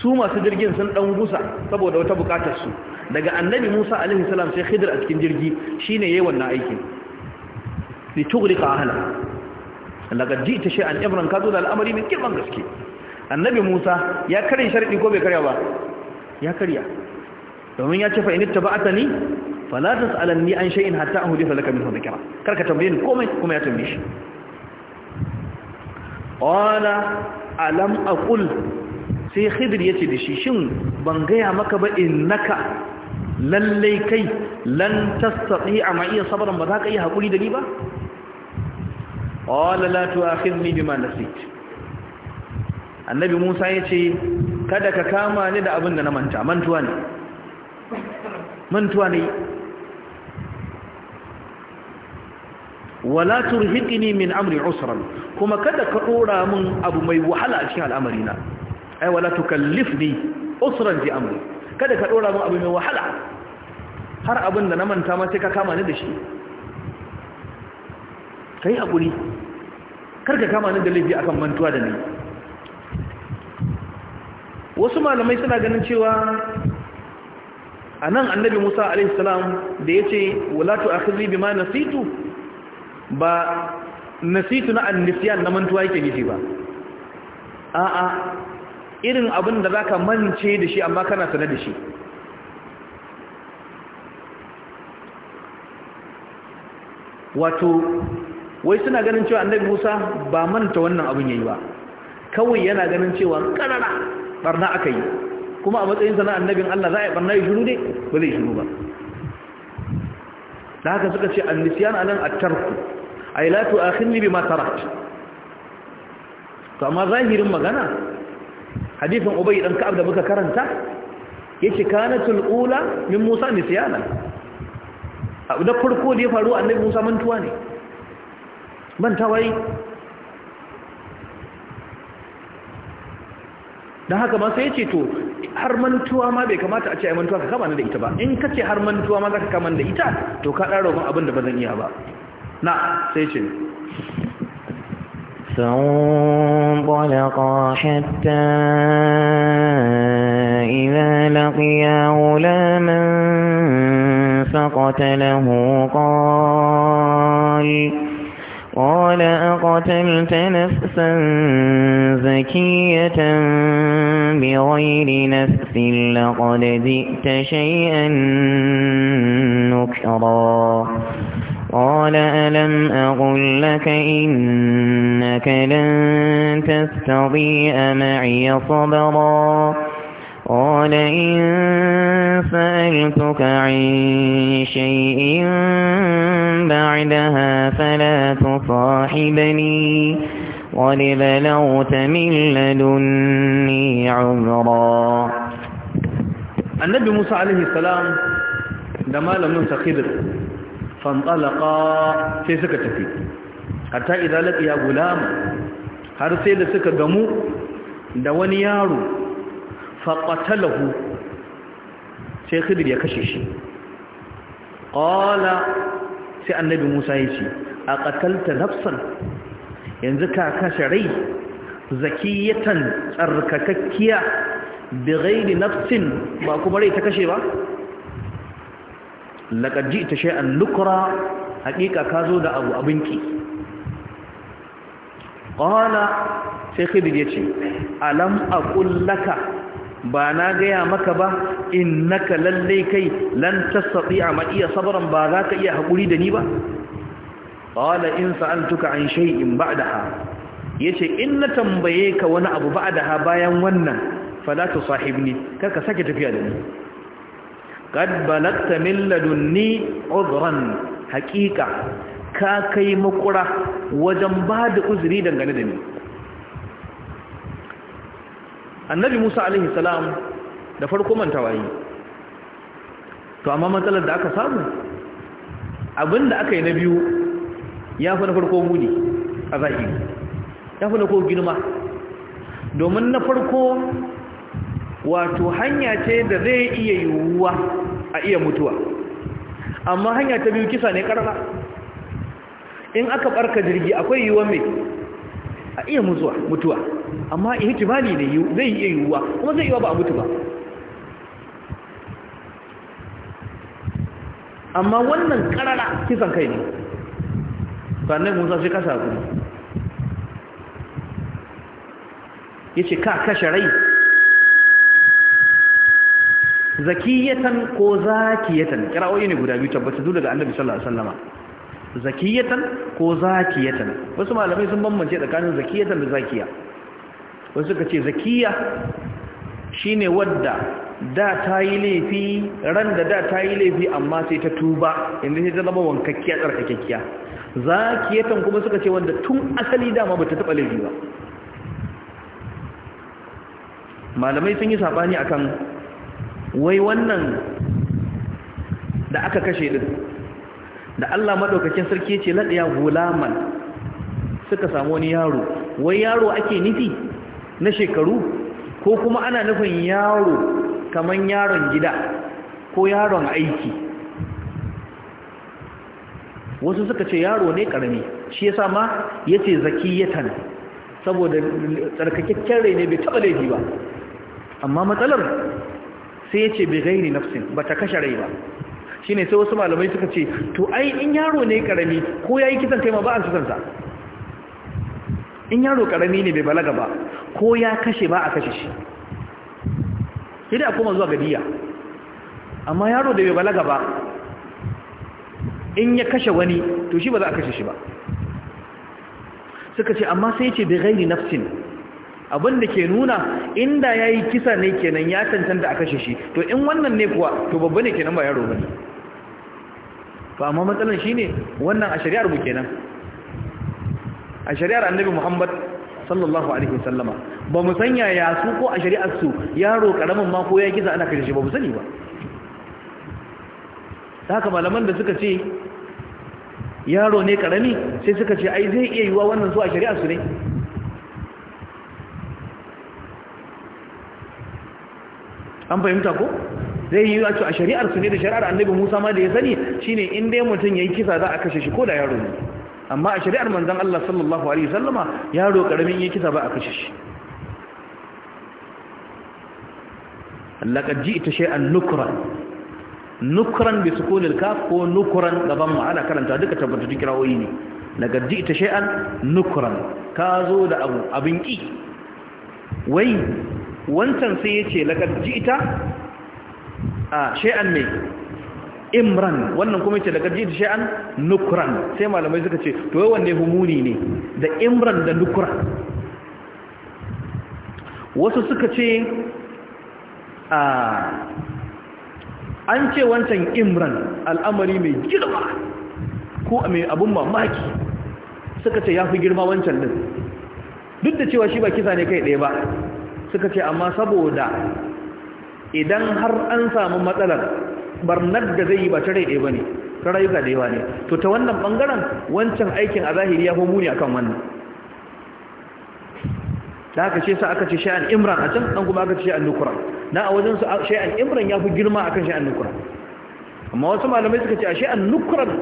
su masu jirgin sun dan gusa saboda wata bukatar su daga annabi Musa alaihi salam sai Khidir a cikin jirgi shine yayin wannan aikin li tughriqa ahla laqad ji'ta shay'an ibran ka zo da al'amari min kirman gaske annabi Musa ya kare sharadi ko bai karya ba ya karya domin ya ce fa inittaba'atani fala tas'alanni an shay'in hatta ahdisa laka minhu dhikra karka tambaye ni komai kuma ya tambaye shi qala alam aqul sai khidir yace da shi shin ban gaya maka ba innaka lallai kai lan tastati'a ma iya sabran ba za ka iya hakuri da ni ba qala la tu'akhidni bima nasit annabi Musa yace kada ka kama ni da abin da na manta mantuwa ne mantuwa ne wala turhiqni min amri usran kuma kada ka dora min abu mai wahala a cikin al'amari na ai wala tukallifni usran fi amri kada ka dora min abu mai wahala har abin da na manta ma sai ka kama ni da shi kai hakuri kar ka kama ni da laifi akan mantuwa da ni wasu malamai suna ganin cewa anan annabi Musa alaihi salam da yace wala tu'akhidni bima nasitu ba nasitu na annisiyan na mantuwa yake nufi ba a'a irin abin da zaka mance da shi amma kana sanar da shi wato wai suna ganin cewa annabi Musa ba manta wannan abin yayi ba kawai yana ganin cewa karara barna aka yi kuma a matsayin sana annabin Allah za a yi barna ya shuru ne ba zai shuru ba da haka suka ce annisiyan anan at-tarku ai la tu'akhidni bima tarakt to amma zahirin magana hadisin ubay dan ka'ab da muka karanta yace kanatul ula min musa nisyana abu da farko da ya faru annabi musa mantuwa ne mantawa yi don haka ma sai ya ce to har mantuwa ma bai kamata a ce a mantuwa ka kama da ita ba in ka ce har mantuwa ma za ka kama da ita to ka ɗan roƙon abin da ba zan iya ba نعم سيشن فانطلقا حتى إذا لقيا غلاما فقتله قال قال أقتلت نفسا زكية بغير نفس لقد جئت شيئا نكرا قال ألم أقل لك إنك لن تستطيع معي صبرا قال إن سألتك عن شيء بعدها فلا تصاحبني قد بلغت من لدني عذرا النبي موسى عليه السلام ده لم من سخيدر fanɗalaƙa sai suka tafi hatta idalaƙi ya gulama har sai da suka gamu da wani yaro faƙatalahu sai khidir ya kashe shi ƙala sai annabi musa ya ce a ƙatalta nafsan yanzu ka kashe rai zakiyatan tsarkakakkiya bi gairi nafsin ba kuma rai ta kashe ba ji ta shai lukra haƙiƙa ka zo da abu abinki qala sai khidir yace alam a laka ba na gaya maka ba innaka lalle kai lan tastati'a ma iya sabran ba za ka iya haƙuri da ni ba qala in sa'altuka an ha. Ya yace in na tambaye ka wani abu ha bayan wannan ne kar ka sake tafiya da ni kad balagta min ladunni uzran haqiqa ka kai makura wajen ba da uzuri dangane da ni annabi Musa alaihi salam da farko mantawa yi to amma matsalar da aka samu abinda aka yi na biyu ya fi na farko muni a zahiri ya fi na ko girma domin na farko wato hanya ce da zai iya yiwuwa a iya mutuwa amma hanya ta biyu kisa ne karba in aka barka jirgi akwai yiwuwa mai a iya mutuwa mutuwa amma ihtimali ne zai iya yiwuwa kuma zai yiwa ba a mutu ba amma wannan karara kisan kai ne sannan musa shi kasa ku ya ce ka kashe rai zakiyatan ko zakiyatan kira'o'i ne guda biyu tabbata dole daga annabi sallallahu alaihi wasallama zakiyatan ko zakiyatan wasu malamai sun bambance tsakanin zakiyatan da zakiya wasu suka ce zakiya shine wadda da ta yi laifi ran da da ta yi laifi amma sai ta tuba inda sai ta zama wankakkiya tsarkakkiya zakiyatan kuma suka ce wanda tun asali dama bata taba laifi ba malamai sun yi sabani akan wai wannan da aka kashe din da Allah madaukakin sarki ce ladiya gulaman suka samu wani yaro wai yaro ake nufi na shekaru ko kuma ana nufin yaro kaman yaron gida ko yaron aiki wasu suka ce yaro ne karami shi yasa ma yace zakiyatan saboda tsarkakakken rai ne bai taba laifi ba amma matsalar sai ya ce bai gairi nafsin ba ta kashe rai ba shi ne sai wasu malamai suka ce to ai in yaro ne karami ko ya yi kisan kai ma ba su kisansa in yaro karami ne bai balaga ba ko ya kashe ba a kashe shi sai kuma koma zuwa gadiya amma yaro da bai balaga ba in ya kashe wani to shi ba za a kashe shi ba suka ce amma sai ya ce bai gairi nafsin abin da ke nuna inda ya yi kisa ne kenan ya cancanta a kashe shi to in wannan ne kuwa to babba ne kenan ba yaro ba ne to amma matsalan shi ne wannan a shari'ar mu kenan a shari'ar annabi muhammad sallallahu alaihi wasallama ba mu sanya ya su ko a shari'ar su yaro karamin ma ko ya kisa ana kashe shi ba mu sani ba haka malaman da suka ce yaro ne karami sai suka ce ai zai iya yiwa wannan su a shari'ar su ne an fahimta ko zai yi a a shari'ar su ne da shari'ar annabi Musa ma da ya sani shine in dai mutum yayi kisa za a kashe shi ko da yaro ne amma a shari'ar manzon Allah sallallahu alaihi wasallama yaro karamin yayi kisa ba a kashe shi laqad ji'ta shay'an nukra nukran bi sukunil kaf ko nukran gaban mu ana karanta duka tabbatattun kirawoyi ne laqad ji'ta shay'an nukran ka zo da abu abin ki wai wancan sai ya ce laƙar ji ita a sha'an mai imran wannan kuma ce daga jiji sha'an nukran sai malamai suka ce to yawan ne humuni ne da imran da nukran wasu suka ce a an ce wancan imran al'amari mai girma ko mai abun mamaki suka ce ya fi girma wancan din duk da cewa shi ba kisa ne kai ɗaya ba suka ce amma saboda idan har an samu matsalar barnar da zai yi ba ta rai ba ne ta rayuka da yawa ne to ta wannan ɓangaren wancan aikin a zahiri ya homo ne akan wannan da aka ce sa aka ce sha'an imran a can ɗan kuma aka ce sha'an nukura na a wajen sha'an imran ya fi girma akan sha'an nukura amma wasu malamai suka ce a sha'an nukuran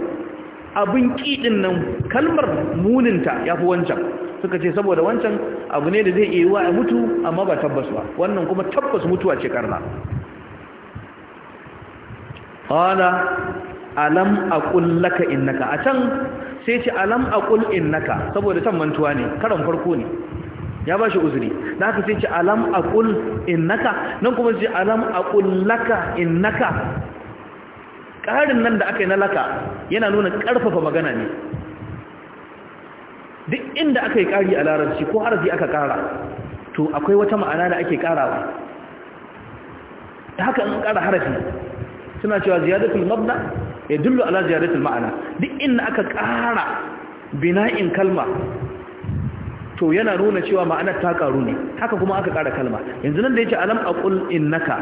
abin kiɗin nan kalmar muninta ya fi wancan suka ce saboda wancan abu ne da zai iya wa mutu amma ba tabbas ba wannan kuma tabbas mutuwa ce karna qala alam aqul laka innaka a can sai ce alam aqul innaka saboda can mantuwa ne karan farko ne ya ba shi uzuri da haka sai ce alam aqul innaka nan kuma sai alam aqul laka innaka ƙarin nan da aka yi na laka yana nuna karfafa magana ne duk inda aka yi ƙari a larabci ko harafi aka ƙara to akwai wata ma'ana da ake ƙarawa ta haka in ƙara harafi suna cewa ziyaratul mabna ya dullu ala ziyaratul ma'ana duk inda aka ƙara bina'in kalma to yana nuna cewa ma'anar ta ƙaru ne haka kuma aka ƙara kalma yanzu nan da ya ce alam aqul innaka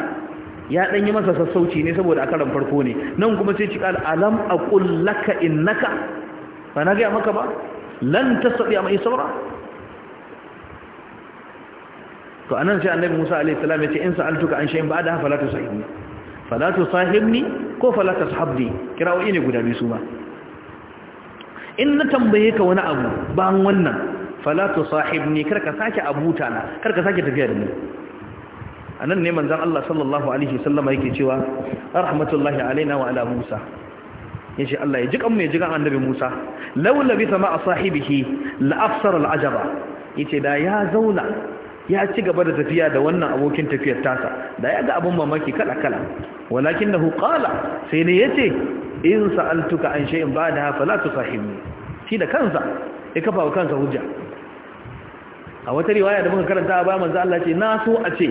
ya ɗan yi masa sassauci ne saboda a karan farko ne nan kuma sai ci ƙal alam aqul laka innaka ba na gaya maka ba lan tasadi mai isaura? to anan sai annabi Musa alaihi salam ya ce in sa'altuka an shay'in ba'da fala tusahibni fala tusahibni ko fala tashabni kirawoyi ne guda biyu su ba in na tambaye ka wani abu ban wannan fala tusahibni karka sake abuta na karka sake tafiya da ni anan ne manzon Allah sallallahu alaihi wasallama yake cewa rahmatullahi alaina wa ala Musa ya ce Allah ya ji kanmu ya ji kan annabi Musa laulabi bi sama sahibihi la afsara al ajaba yace da ya zauna ya ci gaba da tafiya da wannan abokin tafiyar tasa da ya ga abin mamaki kala kala da Hukala sai ne yace in sa'altuka an shay'in ba'da fala tusahibni shi da kansa ya kafa wa kansa hujja a wata riwaya da muka karanta ba manzo Allah ce na so a ce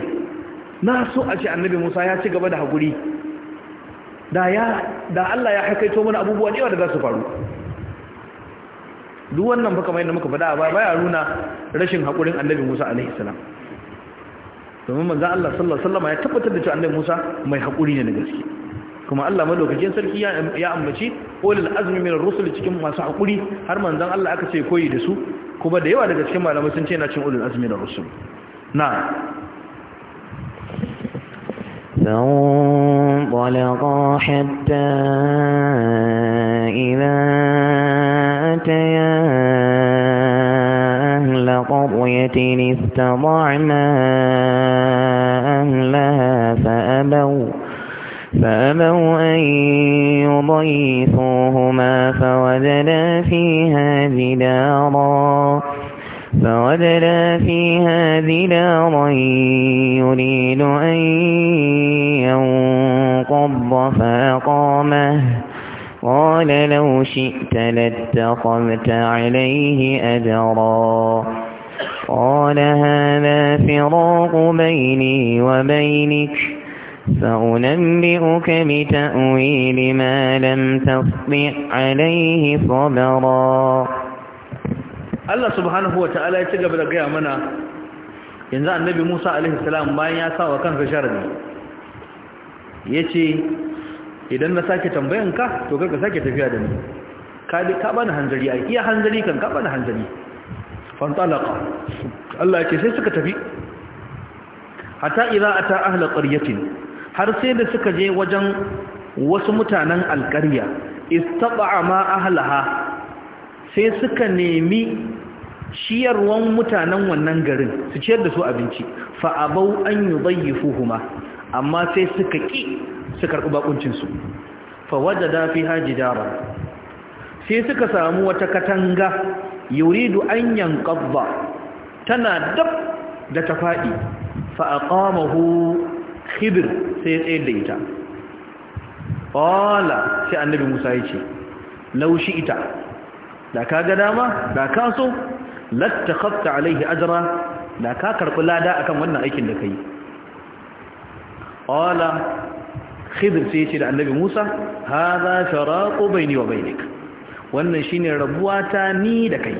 na so a ce annabi Musa ya ci gaba da haguri. da Allah ya hakaito mana abubuwa da yawa da za su faru duk wannan baka mai da muka faɗa ba baya nuna rashin haƙurin annabi Musa alaihi salam domin manzo Allah sallallahu ya tabbatar da cewa annabi Musa mai haƙuri ne na gaske kuma Allah madaukakin sarki ya ambaci ulul azumi min ar-rusul cikin masu haƙuri har manzon Allah aka ce koyi da su kuma da yawa daga cikin malamai sun ce na cin ulul azmi da rusul na فانطلقا حتى إذا أتيا أهل قرية استطعما أهلها فأبوا فأبوا أن يضيفوهما فوجدا فيها جدارا فوجدا فيها جدارا يريد أن القبض فأقامه قال لو شئت لاتخذت عليه أجرا قال هذا فراق بيني وبينك فأنبئك بتأويل ما لم تصدع عليه صبرا الله سبحانه وتعالى يتقبل قيامنا ينزع النبي موسى عليه السلام باين يا ساوى كان في شرده ya ce idan na sake tambayan ka to karka sake tafiya da ni ka bana hanzari a iya hanzari kan ka bana hanzari fantalaka Allah ya ce sai suka tafi hatta idza ata ahla qaryatin har sai da suka je wajen wasu mutanen alƙarya istaba ma ahlaha sai suka nemi ciyarwan mutanen wannan garin su ciyar da su abinci fa abau an yudayyifuhuma amma sai suka ƙi su karɓi bakuncinsu fawadda da fi haji jara sai suka samu wata katanga yuridu an yankabba tana dab da ta faɗi fa'aƙamahu hibir sai tsaye da ita ƙwala sai annabi musa ya ce laushi ita da ka ga dama da ka so latta alaihi ajira da ka karɓi lada akan wannan aikin da ka yi ƙwala khidir sai ce da annabi musa ha za ta bai ni wa bai wannan shi ne rabuwa ta ni da kai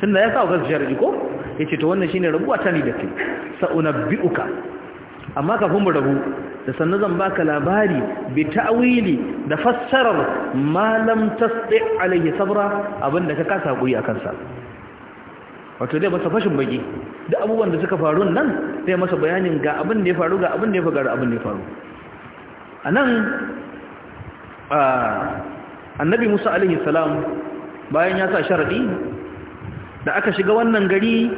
Tunda ya sa wasu shari'i ko ya ce ta wannan shi ne rabuwa ta ni da kai sa'una amma kafin mu rabu da sannan zan baka labari bi ta'wili da fassarar malam tasdi alayhi sabra abinda ka kasa hakuri akan sa wato dai masa fashin baki duk abubuwan da suka faru nan sai masa bayanin ga abin da ya faru ga abin da ya faru abin da ya faru a nan annabi musa alaihi salam bayan ya sa sharaɗi da aka shiga wannan gari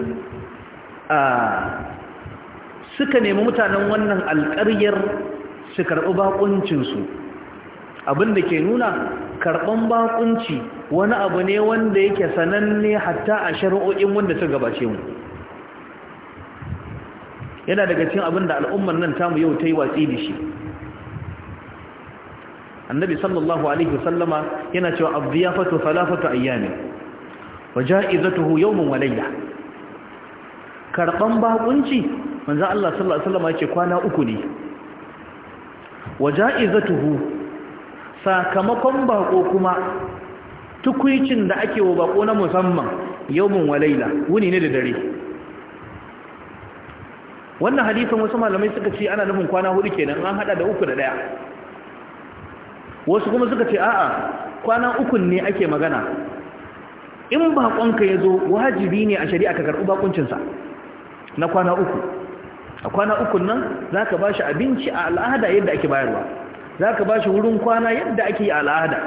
suka nemi mutanen wannan alƙaryar su karɓi baƙuncinsu da ke nuna karɓan baƙunci wani abu ne wanda yake sananne hatta a shari'o'in wanda suka gabace mu yana daga cikin abin da al'ummar nan tamu yau ta yi watsi da shi annabi sallallahu alaihi sallama, yana cewa ya abdiyafatu falafatu ayyamin wa ja'izatuhu yawmun wa layla karban bakunci manzo Allah sallallahu alaihi wasallama yake kwana uku ne wa ja'izatuhu sakamakon bako kuma tukuicin da ake wa bako na musamman yawmun wa layla wuni ne da dare wannan hadisin wasu malamai suka ce ana nufin kwana hudu kenan an hada da uku da daya wasu kuma suka ce a'a kwana ukun ne ake magana in bakonka ya zo wajibi ne a shari'a ka karɓi bakuncinsa na kwana uku a kwana ukun nan za ka ba shi abinci a al'ada yadda ake bayarwa za ka ba shi wurin kwana yadda ake yi a al'ada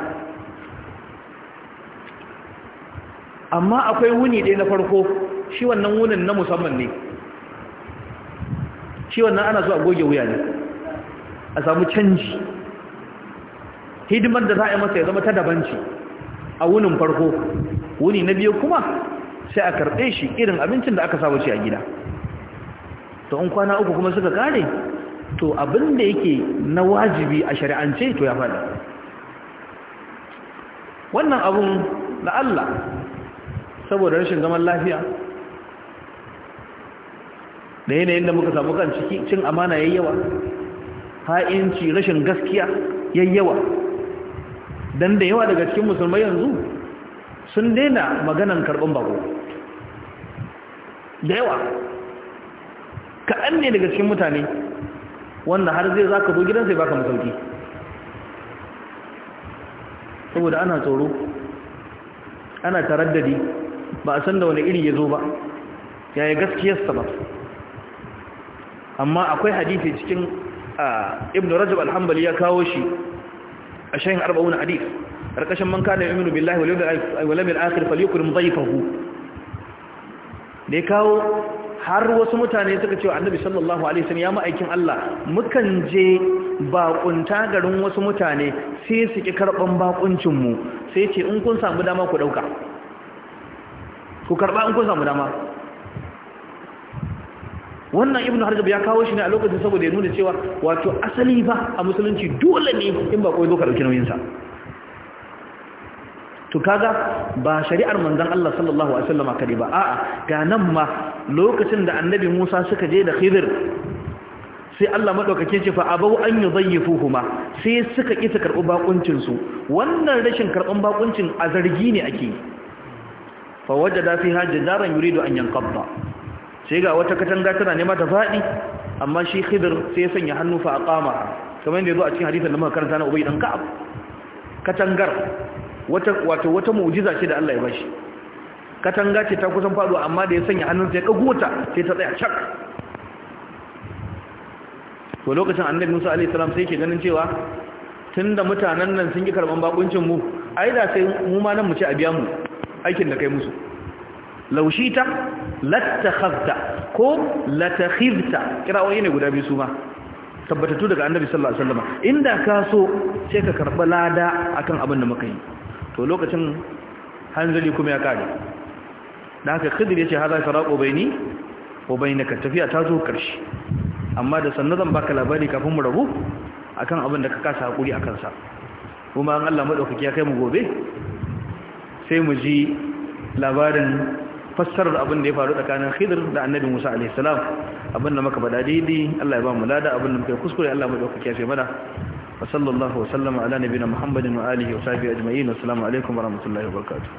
amma akwai wuni ɗaya na farko shi wannan wunin na musamman ne ciwon nan ana so a goge wuya ne a samu canji hidimar da za a yi masa ya zama ta dabanci a wunin farko wuni na biyu kuma sai a karɓe shi irin abincin da aka saba shi a gida to in kwana uku kuma suka kare to abin da yake na wajibi a shari'ance to ya faɗi wannan abun na Allah saboda rashin zaman lafiya da yanayin da muka samu kan ciki cin amana yayyawa ha'inci rashin gaskiya yayyawa dan da yawa daga cikin musulmai yanzu sun daina maganan karɓin bako da yawa ka'an ne daga cikin mutane wanda har zai zaka zo gidansa ya baka masauki saboda ana tsoro ana taraddadi ba a san da wani iri ya zo ba yaya gaskiyarsa ba amma akwai hadisi cikin ibn rajab alhambali ya kawo shi a shayin arba'una hadis karkashin man kana yu'minu billahi wal yawmil akhir falyukrim dhayfahu da ya kawo har wasu mutane suka cewa annabi sallallahu alaihi wasallam ya ma'aikin Allah mukan je bakunta garin wasu mutane sai su ki karban bakuncin mu sai ce in kun samu dama ku dauka ku karba in kun samu dama wannan ibnu harjab ya kawo shi ne a lokacin saboda ya nuna cewa wato asali ba a musulunci dole ne in ba koyi zo ka dauki nauyin sa to kaga ba shari'ar manzon Allah sallallahu alaihi wasallam kade ba a'a ga nan ma lokacin da annabi Musa suka je da Khidir sai Allah madaukake ce fa abau an yudayyifuhuma sai suka ki su karbi bakuncin su wannan rashin karban bakuncin a zargi ne ake fa wajada fiha da yuridu an yanqadda sai ga wata katanga tana nema ta faɗi amma shi khidr sai ya sanya hannu fa aqama kamar yadda zo a cikin hadisin da muka karanta na ubay dan ka'ab katangar wata wato wata mu'jiza ce da Allah ya bashi katanga ce ta kusan faɗo, amma da ya sanya hannunsa ya dago ta sai ta tsaya cak to lokacin annabi Musa alaihi salam sai yake ganin cewa tunda mutanen nan sun yi karban bakuncin mu ai da sai mu ma nan mu ce a biya mu aikin da kai musu laushita lattakhazta ko latakhizta kirawoyi ne guda biyu su ma tabbatattu daga annabi sallallahu alaihi wasallam inda ka so sai ka karba lada akan abin da muka yi to lokacin hanzali kuma ya kare da haka khidri yace hada faraqo baini wa bainaka tafiya ta zo karshe amma da sannan zan baka labari kafin mu rabu akan abin da ka kasa hakuri akan sa kuma an Allah madaukaki ya kai mu gobe sai mu ji labarin fassarar abin da ya faru tsakanin Khidir da Annabi Musa alaihi salam abin da muka bada daidai Allah ya ba mu lada abin da muka kuskure Allah mu dauka kiyaye mana wa sallallahu wa sallama ala nabiyina Muhammadin wa alihi wa sahbihi ajma'in assalamu alaikum wa rahmatullahi wa barakatuh